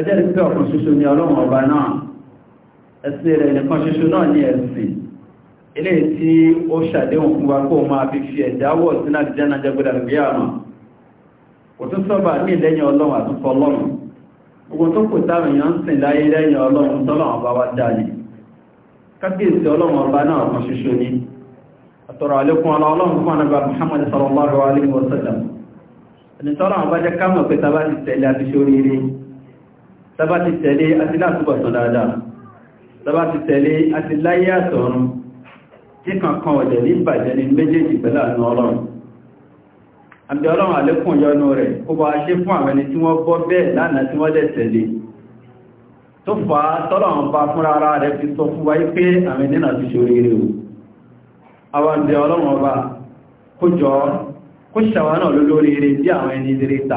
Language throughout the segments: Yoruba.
ajẹ́rì pé ọ̀kan ṣoṣo ni ọlọ́run ọba náà ẹ̀sìn rẹ̀ nìkan ṣoṣo náà ní ẹ̀sìn ilé tí ó ṣàdéhùn fún wa kó máa fi fi ẹ̀dáwọ̀ sí láti jẹ́ náà jẹ́gbẹ́dà lórí àmà kò tún sọ́bà ní lẹ́yìn ọlọ́run àtúnkọ́ ọlọ́run gbogbo tó kò táwọn èèyàn ń sìn láyé lẹ́yìn ọlọ́run tọ́lọ́run ọba Muhammad sallallahu alaihi wasallam ẹni tọ́lọ́run ọba jẹ́ kámọ̀ pé tabá ti tẹ̀lé àti ṣoríire tàbá ti tẹ̀lé àti látúbọ̀tán dáadáa tàbá ti tẹ̀lé àti láyé àtọ̀run tí kankan ọ̀dẹ̀ ní ìbàjẹ́ ní méjèèjì pẹ̀lá àánú ọlọ́run àbí ọlọ́run àlékún yọ́nú rẹ̀ kó bá ṣe fún àwọn ẹni tí wọ́n bọ́ bẹ́ẹ̀ lánàá tí wọ́n dẹ̀ tẹ̀lé tó fà á tọ́lọ̀run bá fúnra ara rẹ̀ fi sọ fún wáyé pé ọba kó jọ kó ṣàwánà lólóríire bí àwọn ẹni ìdíre tà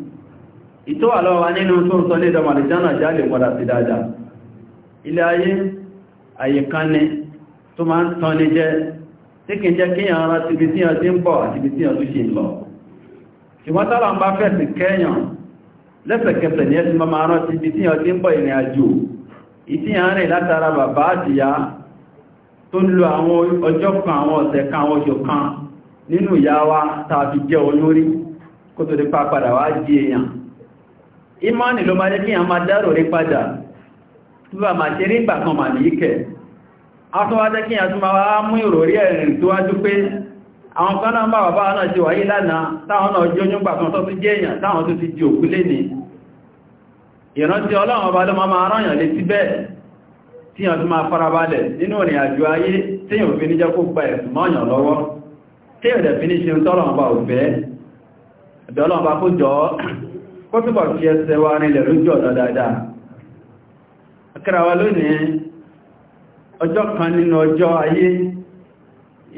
ìtọ́wà lọ́wà nínú tó ń sọ ní ìdọmà lè jánà já lè padà sí dáadáa ilé ayé àyíkánni tó máa ń tán ní jẹ́ tí kìí jẹ́ kíyàn ara ti bí tíyàn tí ń bọ̀ àti bí tíyàn tó ṣe ń lọ ṣùgbọ́n tàbà ń bá fẹ̀sì kẹ́yàn lẹ́sẹ̀kẹsẹ̀ ní ẹsùn máa rán ti tó ń lo àwọn ọjọ́ kan àwọn ọ̀sẹ̀ kan àwọn oṣù kan nínú ìyá wa tàbí jẹ́ olórí kó tó dé pá wá jí èèyàn ìmánì ló máa jẹ́ kí a máa dárò rí padà tó bá máa ṣe rí ìgbà kan mà ní ìkẹ̀ asọ́wájẹ́ kí a tún máa wá mú ìròrí ẹ̀rìn tó wájú pé àwọn kan náà máa bàbá náà ṣe wáyé lánàá táwọn náà jóyún gbà kan tó tún jẹ́ èèyàn táwọn tó ti jẹ́ kó túbọ̀ fi ẹsẹ̀ wa nílẹ̀ lójú ọ̀nà dáadáa akẹ́rawa lónìí ọjọ́ kan nínú ọjọ́ ayé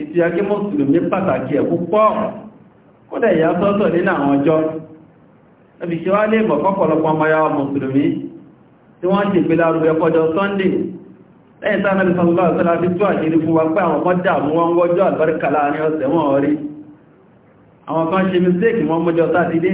ìtì agé mọ́sùlùmí pàtàkì ẹ̀ púpọ̀ kódà ìyá sọ́tọ̀ nínú àwọn ọjọ́ ẹbí ṣe wá lè mọ̀ kọ́pọ̀lọpọ̀ ọmọ ya mùsùlùmí tí wọ́n ti pè lárúgbẹ́ ọkọ̀jọ́ sunday lẹ́yìn tí anábi sọ́lọ́ ọ̀sọ́lá ti tó àṣírí wa pé àwọn ọmọ dàmú wọn wọ́jọ́ àlùbáríkà láàrin ọ̀sẹ̀ kan ṣe mistake wọn mọ́jọ́ sátidé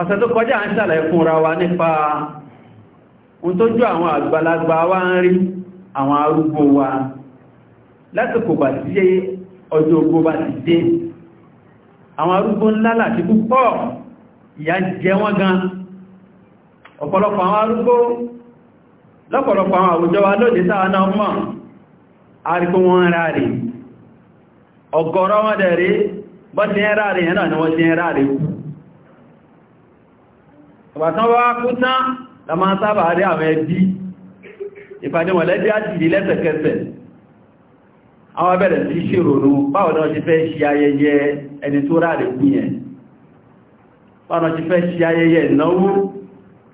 ọ̀sẹ̀ tó kọjá ń ṣàlàyé fúnra wa nípa ohun tó jọ àwọn àgbàlagbà wa ń rí àwọn arúgbó wa lásìkò bá ti yé ọjọ́ ogbó bá ti dé àwọn arúgbó ńlá láti púpọ̀ ìyà jẹ wọ́n gan ọ̀pọ̀lọpọ̀ àwọn arúgbó lọ́pọ̀lọpọ̀ àwọn àwùjọ wa lóde sáà náà mọ̀ ni wọ́n ti ìbàtán wá kú tán la máa sábà rí àwọn ẹbí ìpàdé mọ̀lẹ́bí á ti di lẹ́sẹ̀kẹsẹ̀ àwọn bẹ̀rẹ̀ sí ṣèrònú báwọn náà ṣe fẹ́ ṣe ayẹyẹ ẹni tó ráàrẹ̀ kú yẹn báwọn ṣe fẹ́ ṣe ayẹyẹ ìnáwó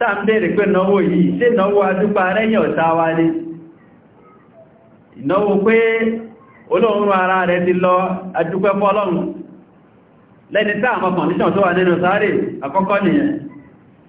táà ń bèèrè pé náwó yìí ṣe náwó adúpa rẹ́yìn ọ̀tá wá ìnáwó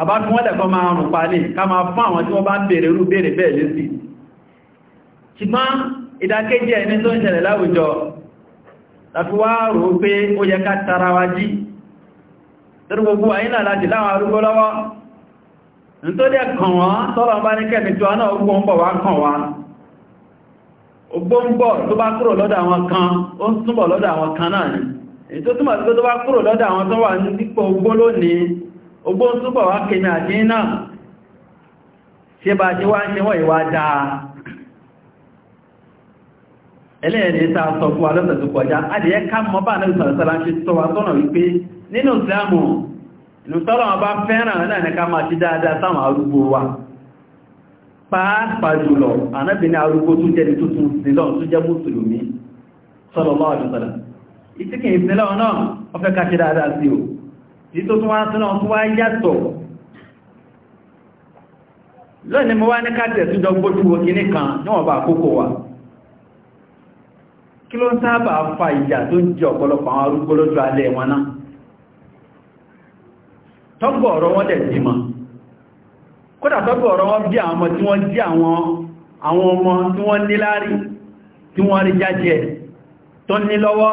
àbá kí wọ́n lẹ̀kọ́ máa rùn palẹ̀ ká máa fún àwọn tí wọ́n bá ń bèèrè rú bèèrè bẹ́ẹ̀ lésì ṣùgbọ́n ìdákéjì ẹni tó ń ṣẹlẹ̀ láwùjọ láti wá rò ó pé ó yẹ ká tara wa jí torí gbogbo àyínà láti láwọn arúgbó lọ́wọ́ nítorí ẹ̀kàn wọ́n tọ́lọ̀ bá ní kẹ́mì tí wọ́n náà ogbó ń bọ̀ wá ni ogbó túbọ̀ wá kèmí àti náà tí bá ti wá ń wọ́n ìwá dáa ẹlẹ́ẹ̀dẹ́ ta sọ alọ́sẹ̀ tó kọjá adìyẹ ká mọ́ bá náà sọ̀rọ̀sọ́lá ṣe tọ́ wa tọ́nà wípé nínú ìsìlámù inú tọ́lọ̀ wọn bá fẹ́ràn náà ní ká máa ti dáadáa sáwọn arúgbó wa pàápàá jùlọ anábìnrin arúgbó tó jẹ́ tuntun sílọ̀ tó jẹ́ mùsùlùmí sọ́lọ́lọ́ àdúsọ́lá ìtíkì ìsinlọ́ náà wọ́n tó tún wá sọ́nà tó wá yàtọ̀ lónìí mo wá ní káàtẹ̀ tó jọ gbójú wo kìíní kan níwọ̀n bá àkókò wa kí ló ń sábà fa ìjà tó ń jẹ ọ̀pọ̀lọpọ̀ àwọn arúgbó lójú alẹ́ wọn náà tọ́gbọ̀ ọ̀rọ̀ wọn dẹ̀ bímọ kódà tọ́gbọ̀ ọ̀rọ̀ wọn bí àwọn ọmọ tí wọ́n jí àwọn ọmọ tí wọ́n ní láàrí tí wọ́n rí jájẹ tó ní lọ́wọ́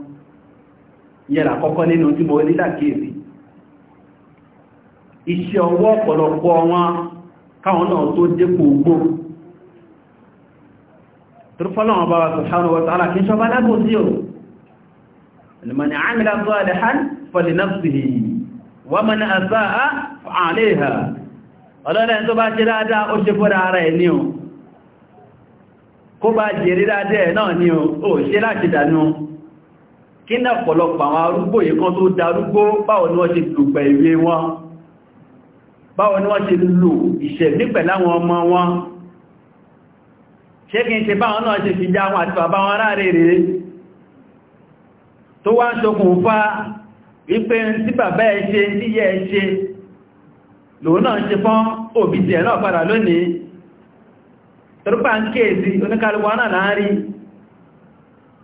yẹra kọ́kọ́ nínú tí mo nílà kéèsì iṣẹ́ ọwọ́ ọ̀pọ̀lọpọ̀ wọn káwọn náà tó dépò ogbó tọ́lọ́wọ́n bá wa subhanahu wa ta'ala kí n ṣọba lábò sí o lèmọ̀ni àmìlà salihan fali nafsihi wa man asaa fa'alayha ọlọ́rẹ̀ tó bá ṣe dáadáa ó ṣe fọ́ra ara ẹ̀ ní o kó bá jẹ́rí dáadáa náà ní o se ṣe láti dànù kí ní ọ̀pọ̀lọpọ̀ àwọn arúgbó yìí kan tó darúgbó báwo ni wọ́n ṣe lùgbà ìwé wọn báwo ni wọ́n ṣe lò ìṣẹ̀lú pẹ̀láwọn ọmọ wọn ṣé kí n ṣe báwọn náà ṣe fi já wọn àti bàbá wọn ráre rèé tó wá ń ṣokùnfà wípé tí bàbá ẹ ṣe tí yẹ ẹ ṣe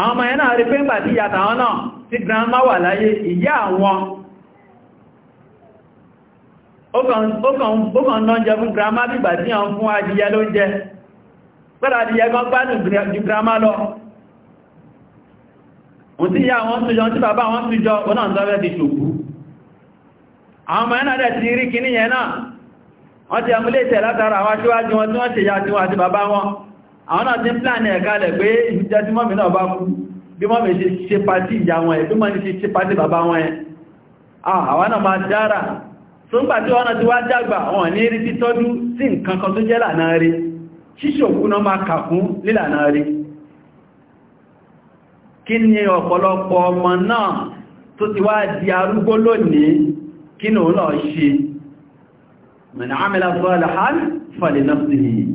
àwọn ọmọ yẹn náà rí pé ń gbà tí ìyàtà wọn náà tí grandma wà láyé ìyá àwọn ó kàn náà jẹ fún grandma bí ìgbà tí àwọn fún adìyẹ ló jẹ pẹ́lá adìyẹ gan gbádùn ju grandma lọ òun tí ìyá àwọn túnjọ tí bàbá àwọn túnjọ ó náà tọ́fẹ́ ti ṣòkú àwọn ọmọ yẹn àwọn náà ti ń pláàni ẹ̀ká lẹ̀ pé ìjẹ́ tí mọ́mí náà bá kú bí mọ́mí ṣe ṣe pàtí ìyá wọn ẹ̀ bí mọ́mí ṣe ṣe pàtí bàbá wọn ẹ̀ àwọn náà máa dára tó ń gbà tí wọ́n ti wá dàgbà wọn ní rí títọ́jú sí nǹkan tó jẹ́ lànà rí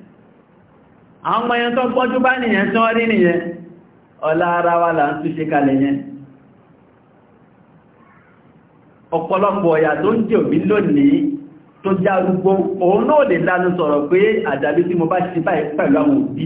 àwọn ọmọ yẹn tó gbọ́jú bá nìyẹn tó rí nìyẹn ọlá ara wa là ń ṣe kalẹ̀ yẹn ọ̀pọ̀lọpọ̀ ọ̀yà tó ń jẹ́ òbí lónìí tó já rúgbó òun náà lè lánú sọ̀rọ̀ pé àjàbí tí mo bá ṣe báyìí pẹ̀lú àwọn òbí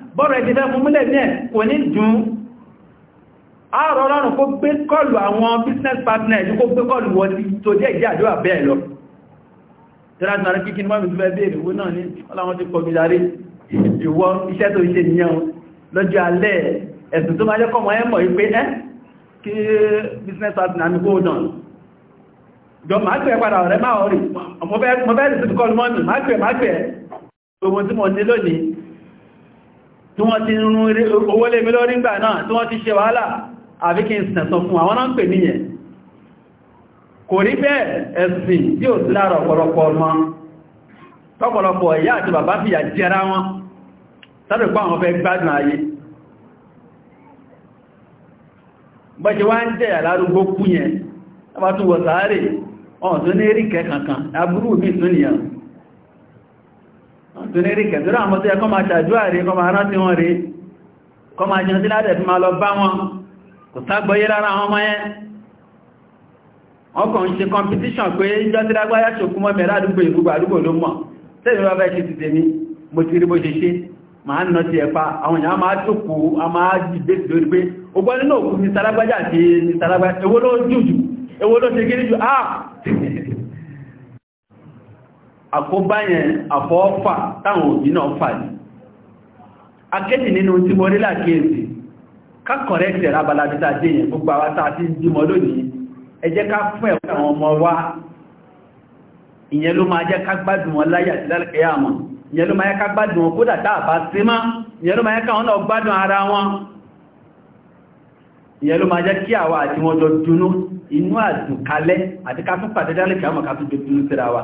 bọ́rọ̀ ẹ̀dì fẹ́ fún múlẹ̀ ní ẹ̀ kò ní dùn ààrọ̀ ọlọ́run kó gbé kọlù àwọn business partners kó gbé kọlù wọ́n ti tó jẹ́ ìjẹ́ àdúrà bẹ́ẹ̀ lọ tẹ́látàrí kíkí ní wọ́n ti fẹ́ bèèrè owó náà ní ọláwọ́n ti kọjú darí ìwọ iṣẹ́ tó ṣe níyàn lọ́jọ́ alẹ́ ẹ̀sùn tó máa jẹ́ kọmọ ẹmọ̀ wípé ẹ́ kí business partner mi kó dàn jọ máa pẹ̀ padà ọ̀rẹ́ máa ọ̀rẹ́ mọ́bẹ̀ẹ́rì sí kọlù mọ́nì máa pẹ̀ máa pẹ̀ gbogbo tí mo ní lónìí tí wọ́n ti rún owó lè mi lórí ìgbà náà tí wọ́n ti ṣe wàhálà àbí kí n sẹ̀tọ̀ fún àwọn náà ń pè níyẹn kò rí bẹ́ẹ̀ ẹ̀sìn tí ò sí lára ọ̀pọ̀lọpọ̀ ọmọ tọ́pọ̀lọpọ̀ ìyá àti bàbá fìyà jẹra wọn sáré pa àwọn fẹ́ gbádùn ayé bọ́jẹ̀ wá ń jẹ́ àlárúgbó kú yẹn tọ́bátúwọ̀ sáré ọ̀tún ní rí kẹ kankan aburú mi tún nìyàn tó ní rí kẹ̀tọ́rọ àwọn tó yẹ kọ́ máa ṣàdúrà rí kọ́ máa rántí wọn rí kọ́ máa jẹun sí ládẹ̀ fi máa lọ bá wọn kò ságbọ́yé lára àwọn ọmọ yẹn ọkàn ṣe competition pé ìjọ́ tí lágbáyá ṣòkún mọ́ mẹ́rẹ́ àdúgbò ìgbogbo àdúgbò ló mọ̀ tẹ́lẹ̀ bá fẹ́ ṣe ti tèmi mo ti rí bó ṣe ṣe máa ń nà ti ẹ̀pa àwọn èèyàn máa tókù a máa jìdé lórí pé ogbọ́n nínú òkú ní sálágbájá àti ní sálágbájá ewó ló jùjù ewó ló ṣe àkóbá yẹn àfọ́ọ́fà táwọn òbí náà fà ní akéjì nínú tí mo rí làkíyèsí ká kọ̀rẹ́kì ẹ̀rọ abalabita dé yẹn gbogbo àwọn tá a ń bímọ lónìí ẹ ká fún ẹ̀kọ́ àwọn ọmọ wa ìyẹn ló máa jẹ́ ká gbádùn wọn láyé àti lálẹ́kẹ̀ẹ́ àmọ́ ìyẹn ló máa yẹ ká gbádùn wọn kódà tá a bá sí má ìyẹn ló máa yẹ káwọn náà gbádùn jẹ́ kí àwa àti wa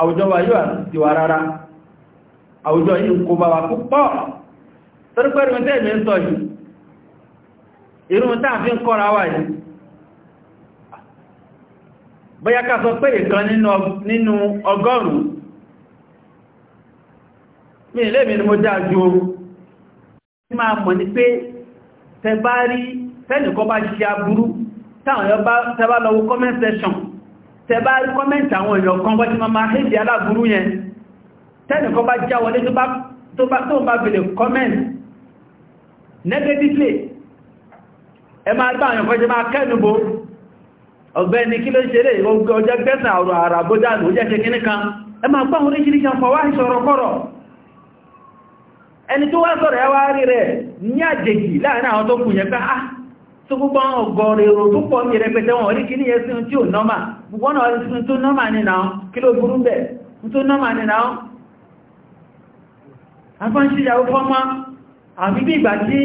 àwùjọ wa yóò ti wà rárá àwùjọ yìí kò bá wà púpọ̀ torípẹ́rún tẹ́ ìmẹ́ ń sọ yìí irun tàà fi ń kọ́ra wà yìí bóyá ká sọ pé ìkan nínú ọgọ́rùn mi ilé mi ni mo dáa ju oru tí máa mọ̀ ní pé tẹ bá rí tẹba kọ́mẹ́ntì àwọn èèyàn kan wọ́n ti máa ma hìdí aláburú yẹn tẹ́nìkan bá já wọlé tó bá bèèrè kọ́mẹ́ntì negatively ẹ máa gbá àwọn ọ̀fẹ́jẹ́ máa kẹ́nubó ọ̀gbẹ́ni kí ló ń ṣeré ọjọ́ jẹ́ kan ẹ máa gbá àwọn tó gbogbo àwọn ọgọ́rẹ̀ èrò tó pọ̀ ní ẹrẹpẹtẹ wọn orí kìí yẹ sí ohun tí ó nọ́mà gbogbo ọ̀nà orí sí tó nọ́mà nínà kí ló burú bẹ̀ tó nọ́mà nínà afọ́nṣíyàwó fọ́mọ́ àbí bí ìgbà tí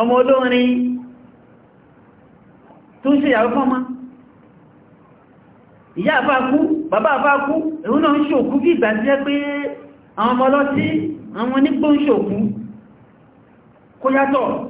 ọmọ olórin tó ń ṣèyàwó fọ́mọ́ ìyá àfá kú bàbá àfá ìgbà tí ọmọ ọlọ́tí àwọn ń ṣòkú kó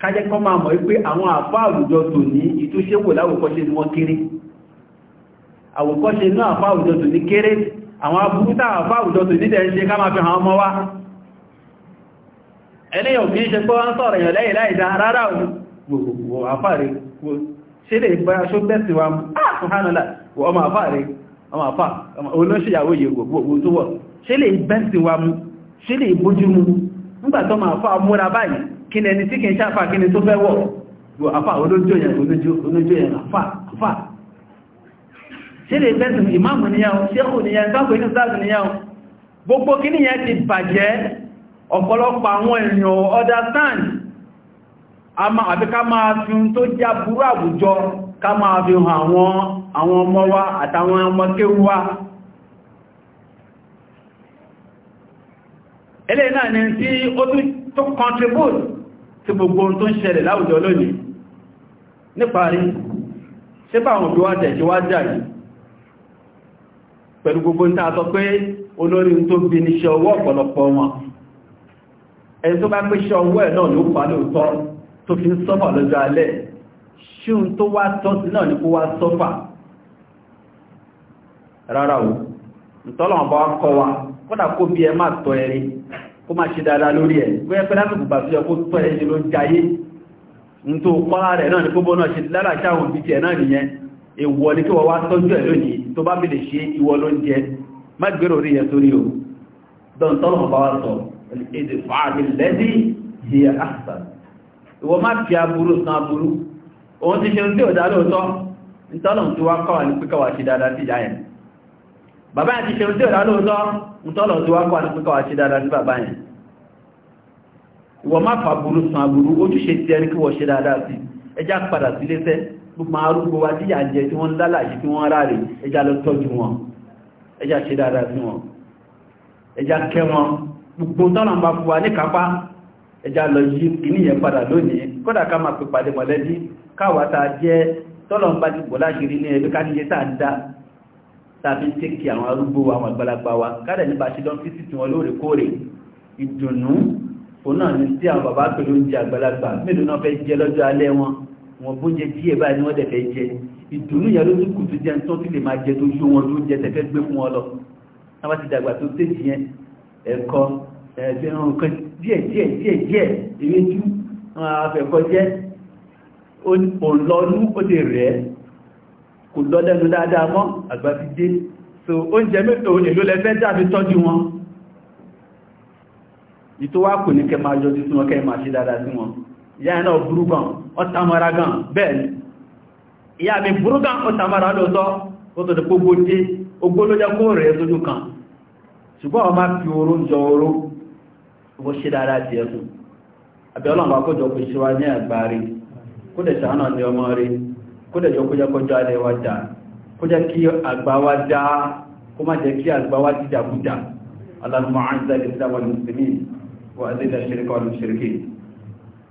kájẹ́ kọ́ máa mọ̀ wípé àwọn àfá àwùjọ tò ní ìtúṣẹ́wò láwòkọ́ṣe ni wọ́n kéré àwòkọ́ṣe ní àfá àwùjọ tò ní kéré àwọn abúrútà àfá àwùjọ tò ní tẹ́ẹ̀ṣe ká máa fi hàn ọmọ wá ẹlẹ́yàn kìí ṣe pé wọ́n sọ̀rọ̀ èèyàn lẹ́yìn láìdá rárá wọ́n àfá rẹ̀ ṣe lè bá ṣó bẹ́sì wa ṣùhánàlá wọ́n máa fà rẹ̀ ọmọ àfá olóṣèyàwó yìí gbogbo tó wọ̀ ṣe lè bẹ́sì wa mú ṣe lè bójú mú nígbàtọ́ máa fà múra báyìí kí ni ẹni tí kìí ṣàfà kí ni tó fẹ́ wọ̀ yóò afá olójó yẹn olójó yẹn afá afá ṣe lè fẹ́sùn ìmáàmù níyàwó ṣékù níyàwó sáàkù inú sáàkù níyàwó gbogbo kí ni yẹn ti bàjẹ́ ọ̀pọ̀lọpọ̀ àwọn èèyàn understand àmọ́ àbí ká máa fi ń tó já burú àwùjọ ká máa fi hàn àwọn àwọn ọmọ wa contribute tí gbogbo ohun tó ń ṣẹlẹ̀ láwùjọ lónìí níparí ṣé bá àwọn òbíwá tẹ̀ ṣíwá jà yìí pẹ̀lú gbogbo ń tàà sọ pé olórí tó bí ní ṣe ọwọ́ ọ̀pọ̀lọpọ̀ wọn ẹni tó bá pé ṣe ọwọ́ ẹ̀ náà ló pa lóòótọ́ tó fi ń sọ́fà lọ́jọ́ alẹ́ ṣíun tó wá tọ́ sí náà ní kó wá sọ́fà rárá o ìtọ́lọ̀ ọ̀bọ̀ akọ wa kódà kó bí ẹ má tọ́ ẹ̀rí kó máa ṣe dáadáa lórí ẹ̀ wọ́n pẹ́ lásìkò bà sí ọkó tọ́ ẹ̀ṣẹ̀ ló ń jayé ń tó kọ́lá rẹ̀ náà ní kó bọ́nà ṣe lálàṣà òun bí tiẹ̀ náà nìyẹn èwọ̀ ní kí wọ́n wá tọ́jú ẹ̀ lónìí tó bá bèèrè ṣe ìwọ ló ń jẹ má gbèrò rí ẹ̀ sórí o dọ́ntọ́lọ̀ bá wá sọ èdè tí wá kọ́wà ní pé kọ́wà dáadáa sí ìyá yẹn bàbá àti ṣe tí ọ̀dá lóòótọ́ ń tọ́lọ̀ tí wá kọ́ àtúnkọ́ àti dáadáa sí bàbá yẹn ìwọ má fà burú sàn àbúrú ojúṣe ti ẹni kí wọ́n ṣe dáadáa sí ẹjá padà sí lẹ́sẹ́ gbogbo arúgbó wa díyà jẹ tí wọ́n lálàyé tí wọ́n ráre ẹjá lọ tọ́jú wọn ẹjá ṣe dáadáa sí wọn ẹjá kẹ́ wọn gbogbo tọ́lọ̀ bá fún wa ní kápá ẹjá lọ yí kìíní yẹn padà lónìí kódà ká máa pè pàdé mọ̀lẹ́bí káwàá jẹ́ tọ́lọ̀ bá ti pọ̀ láṣìírí ní ẹbí ká níye tá ń dá tàbí tẹ́kì àwọn arúgbó àwọn àgbàlagbà wa kádẹ̀ nípa ṣídán fíṣì tí wọ́n lóòrèkóòrè ìdùnnú o náà ní tí àwọn bàbá pẹ̀lú oúnjẹ àgbàlagbà mélòó náà fẹ́ jẹ lọ́jọ́ alẹ́ wọn wọn bóúnjẹ díẹ̀ báyìí ni wọ́n dẹ̀ fẹ́ jẹ ìdùnnú yẹn ló tún kù tó jẹ tó ti lè máa jẹ tó yó wọn ló jẹ tẹ̀fẹ́ gbé fún wọn lọ náà ti dàgbà tó tẹ̀sí kò lọ́lẹ́nu dáadáa mọ́ àgbà ti dé so oúnjẹ mẹ́tò èlò lẹ́fẹ́ jáfi tọ́jú wọn ìtò wá kò ní kẹ máa yọjú sí wọn kẹ máa ṣe dáadáa sí wọn ìyá ẹ̀ náà burú gan ọ̀tàmọ́ra gan bẹ́ẹ̀ ìyá mi burú gan ọ̀tàmọ́ra lóòtọ́ ó tó dẹ̀kó gbóde ogbó ló jẹ́ kó ṣe dáadáa ti ọmọ rí kó dẹ̀jọ kó jẹ́ kọjọ́ alẹ́ wa dá kó jẹ́ kí àgbà wa dá kó má jẹ́ kí àgbà wa dídà búdà aláàmà àìsà ìsìláwà mùsùlùmí wà àdínà ṣirikọ́ alùsìrìkì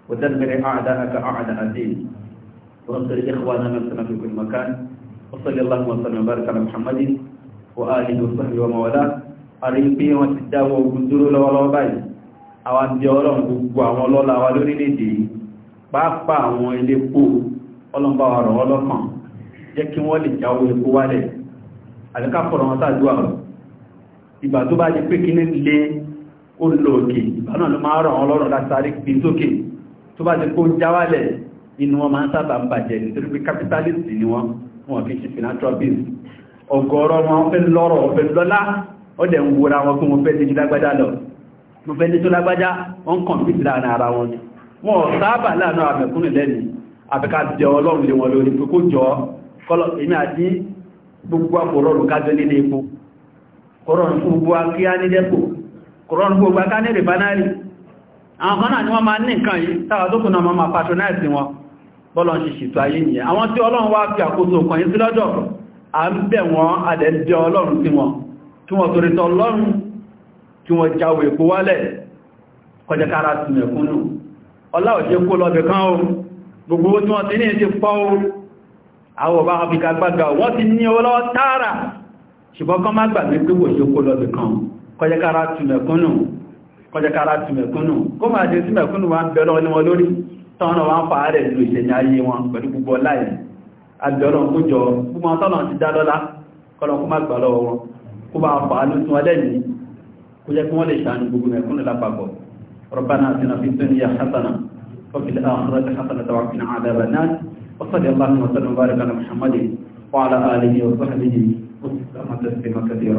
وذلك أعداءك أعداء الدين وانصر إخواننا ti dáwọ́ ogun dúró lọ́wọ́lọ́wọ́ àwọn àti ọlọ́run gbogbo àwọn ọlọ́lá wa lórílẹ̀-èdè pàápàá àwọn ilé pòó ọlọ́mbà ọ̀rọ̀ ọlọ́kàn jẹ́ kí wọ́n lè jáwó epo wálẹ̀ àdíkàpọ̀rọ̀ wọn sáàdúwà rọ̀ ìgbà tó bá di pé kí ní lé ó lò òkè ìgbà náà ló máa rọ̀ wọn látàrí pí capitalist ni wọn wọn kì í ṣe philanthropist ọ̀gọ̀ọ̀rọ̀ wọn fẹ́ lọ́rọ̀ ọ̀fẹ́ lọ́lá ọdẹ̀ ń wúra wọn fún wọn fẹ́ lójú lágbájá lọ mo fẹ́ lójú lágbájá wọn kàn fìdí láàrin ara wọn wọn sábà láàrin àmẹ̀kúnnù lẹ́nu àfẹ́ká jẹ ọlọ́run lè wọn lórí pípò jọ kọ́lọ̀ èmi àti gbogbo àpòrọ̀rùn kájọ nílé epo kọ́rọ̀rùn fún gbogbo akíá ní dẹ́pò kọ́rọ̀rùn gbogbo aká ní rìbánárì àwọn kan náà ni wọ́n máa ní nǹkan yìí táwà tó kùnà máa máa patronize wọn bọ́lọ̀ ń ṣe tó ayé nìyẹn àwọn tí ọlọ́run wá fi àkóso kan yìí sí jáwé epo wálẹ̀ kọjẹ́kára sí mẹ̀kúnnù ọlá òjé kó lọ́bẹ̀ kan ohun gbogbo tí wọ́n ti ní ti pọ́ àwọ̀ bá afirka gbága wọ́n ti ní owó lọ́wọ́ tààrà ṣùgbọ́n kan má gbàgbé pé wò ṣokó lọ́bì kan kọjẹ́kára tùmẹ̀kúnnù kọjẹ́kára tùmẹ̀kúnnù kó máa jẹ́ sí mẹ̀kúnnù wá ń bẹ̀rọ ní wọn lórí tọ́nà wá ń fa ààrẹ ìlú ìṣẹ̀yìn ayé wọn pẹ̀lú gbogbo láì agbẹ̀rọ kójọ gbogbo tọ́nà ti dá lọ́lá kọ́lọ̀ kó má gbà lọ́wọ́ wọn kó bá fa ló tún ọlẹ́yìn kó jẹ́ kí wọ́n lè ṣàánú gbogbo mẹ̀kúnnù lápapọ̀ وفي الآخرة حسنة وقنا عذاب النار وصلى الله وسلم وبارك على محمد وعلى آله وصحبه وسلم تسليما كثيرا